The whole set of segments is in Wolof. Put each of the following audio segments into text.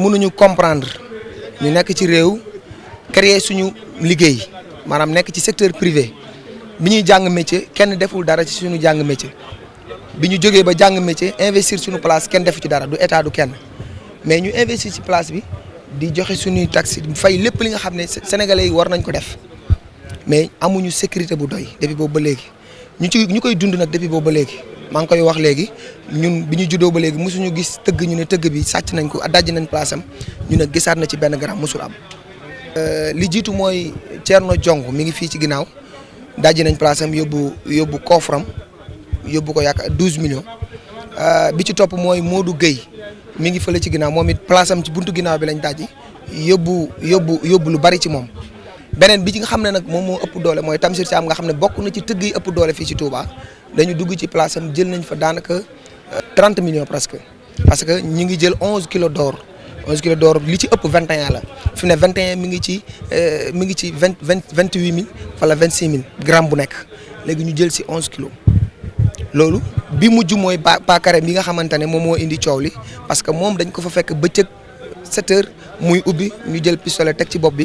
mënuñu comprendre ñu nekk ci réew créer suñu liggéey maanaam nekk ci secteur privé bi ñuy jàng métier kenn deful dara ci suñu jàng métier bi ñu jógee ba jàng métier investir suñu place kenn defu ci dara du état du kenn mais ñu investir ci place bi di joxe suñuy taxi fay lépp li nga xam ne sénégalais yi war nañ ko def mais amuñu sécurité bu doy depuis boobu ba léegi ñu ci ñu koy dund nag depuis boobu ba léegi maa ngi koy wax léegi ñun bi ñu juddoo ba léegi ñu gis tëgg ñu ne tëgg bi sàcc nañ ko dajj nañ place ñu ne gisaat na ci benn gram musul am. Euh, li jiitu mooy Thierno Jong mi ngi fii ci ginnaaw dajj nañ place am yóbbu yóbbu koofram yóbbu ko yàq 12 millions euh, bi ci topp mooy moo du Gueye mi ngi fële ci ginnaaw moom it place am ci buntu ginnaaw bi lañ dajj yóbbu yóbbu yóbbu lu bari ci moom. beneen bi ci nga xam ne nag moom moo ëpp doole mooy Tamsir Thiam nga xam ne bokk na ci tëgg yi ëpp doole fii ci Touba dañu dugg ci place am jël nañ fa daanaka 30 euh, millions presque parce que ñu ngi jël 11 kilos door 11 kilos d'or li ci ëpp 21 la fi ne 21 mi ngi ci euh, mi ngi ci 20 vingt 28 mille wala 26 mille gramme bu nekk léegi ñu jël si 11 kilo loolu bi mujj mooy baa paakaare mi nga xamante ne moom moo indi coow li parce que moom dañ ko fa fekk bëccëg 7 heures muy ubbi ñu jël pistolet teg ci bopp bi.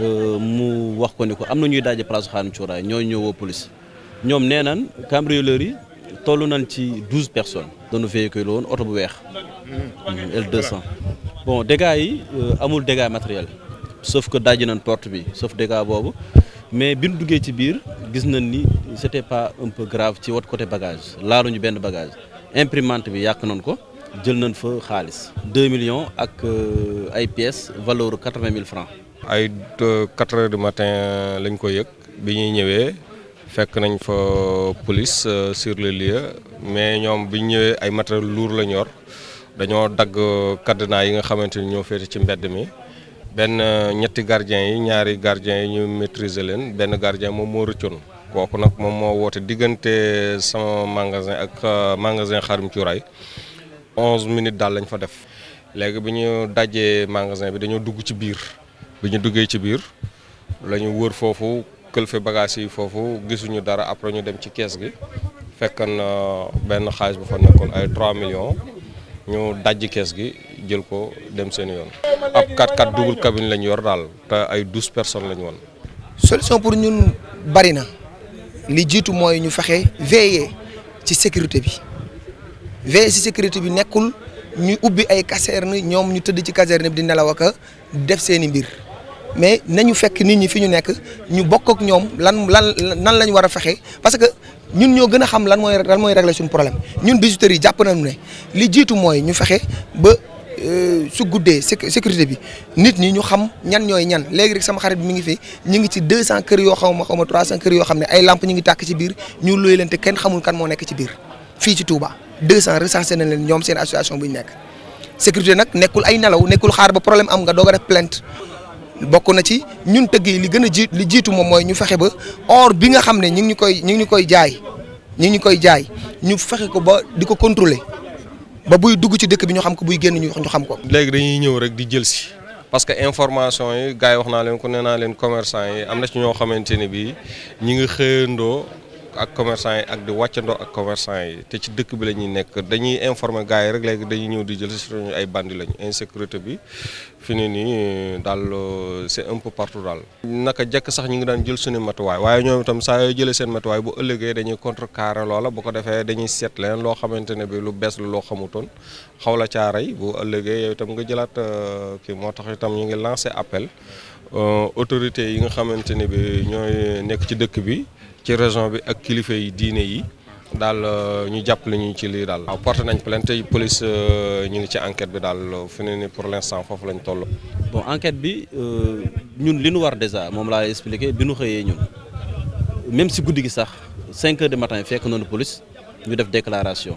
Euh, mu wax ko ni ko am ñuy dajje place xaanu cuuraay ñoo ñëwoo police ñom nee nan yi tollu nañ ci 12 personnes dañu véhicule woon auto bu wex mm, L200 bon dégâts yi euh, amul dégâts matériel sauf que dajje nañ porte bi sauf dégâts bobu mais bi duggé ci biir gis nañ ni c'était pas un peu grave ci wat côté bagage ñu benn bagage imprimante bi yak nañ ko jël nañ fa xaalis 2 millions ak euh, ay pièces valeur 80000 francs ay quatre heures du matin lañ ko yëg bi ñuy ñëwee fekk nañ fa police euh, sur le lieu mais ñoom bi ñu ñëwee ay matériel lourd la ñor dañoo dagg cadenas yi nga xamante ni ñoo féete ci mbedd mi benn euh, ñetti gardien yi ñaari gardien yi ñu maîtriser leen benn gardien moom moo rëccoon kooku nag moom moo woote diggante sama magasin ak euh, magasin xarum cuuraay onze minutes daal lañ fa def léegi bi ñu dajee magasin bi dañoo dugg ci biir bi ñu duggee ci biir la ñu wër foofu këlfe bagages yi foofu gisuñu dara après ñu dem ci kees gi fekkan na euh, benn xaalis bu fa nekkoon ay 3 millions ñu dajj kees gi jël ko dem seen yoon. ab 4-4 double cabine lañ yor daal te ay 12 personnes lañu woon. solution pour ñun bari na li jiitu mooy ñu fexe veiller ci sécurité bi veiller ci sécurité bi nekkul ñu ubbi ay caserne ñoom ñu tëdd ci caserne bi di nelaw ak def seeni mbir. mais nañu fekk nit ñi fi ñu nekk ñu bokk ak ñoom lan lan nan la ñu war a fexe parce que ñun ñoo gën a xam lan mooy lan mooy régler suñu problème ñun visiteurs yi jàpp nañu ne li jiitu mooy ñu fexe ba euh, su guddee sécurité bi nit ñi ñu xam ñan ñooy ñan léegi rek sama xarit bi mi ngi fi ñu ngi ci 200 kër yoo xaw ma xaw ma 300 kër yoo xam ne ay làmp ñu ngi tàkk ci biir ñu luy leen te kenn xamul kan moo nekk ci biir fii ci Touba 200 recensé nañ leen ñoom seen association bu ñu nekk sécurité nag nekkul ay nelaw nekkul xaar ba problème am nga doog a def bokk na ci ñun tëgg yi li gën a ji li jiitu moom mooy ñu fexe ba or bi nga xam ne ñu ngi ñu koy ñu ñu koy jaay ñu ngi koy jaay ñu fexe ko ba di ko contrôler ba buy dugg ci dëkk bi ñu xam ko buy génn ñu xam ko. léegi dañuy ñëw rek di jël si parce que information yi gars yi wax naa leen ko nee naa leen commerçant yi am na ci ñoo xamante ne bii ñu ngi xëyandoo. ak commerçant yi ak di wàccandoo ak commerçant yi te ci dëkk bi la ñuy nekk dañuy informé gars rek léegi dañuy ñëw di jël si ñu ay bandi lañu insécurité bi fi ne nii daal euh, c' est un peu partout daal. naka jekk sax ñu ngi daan jël suñu matuwaay waaye ñoom itam saa yoo jëlee seen matuwaay bu ëllëgee dañuy contre carré loola bu ko defee dañuy seet leen loo xamante ne bi lu bees la loo xamutoon xaw la caa bu ëllëgee yow itam nga jëlaat euh, kii moo tax itam ñu ngi lancé appel euh, autorité yi nga xamante bi ñooy nekk ci dëkk bi. ci région bi ak kilifa yi diine yi daal euh, ñu jàppale ñu ci lii daal. waaw nañ plainte tey police euh, ñu ngi ci enquête bi daal fi ne ni pour l'instant foofu lañ toll. bon enquête bi euh, ñun li nu war déjà moom laa expliqué bi nu xëyee ñun même si guddi gi sax 5 heures du matin fekk noonu police ñu def déclaration.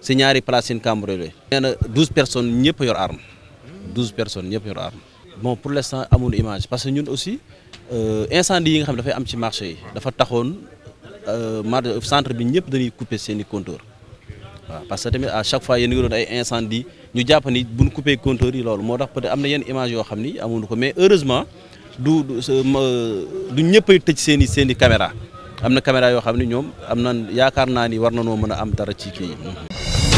si ñaari Palestine cambriolé. nee na 12 personnes ñëpp yor arme 12 personnes ñëpp yor arme. bon pour l'instant amul image parce que ñun aussi euh, incendie yi nga xam fay am ci marché yi dafa taxone euh centre bi ñëpp dañuy couper seen compteur parce que tamit à chaque fois yéen ngi doon ay incendie ñu jàpp ni bu couper compteur yi lool moo tax peut-être amna na image yo xamni ni ko mais heureusement du du ñëpp ay tëj seen caméra amna caméra yo xamni ñom amna am na ni war na noo mën am dara ci kii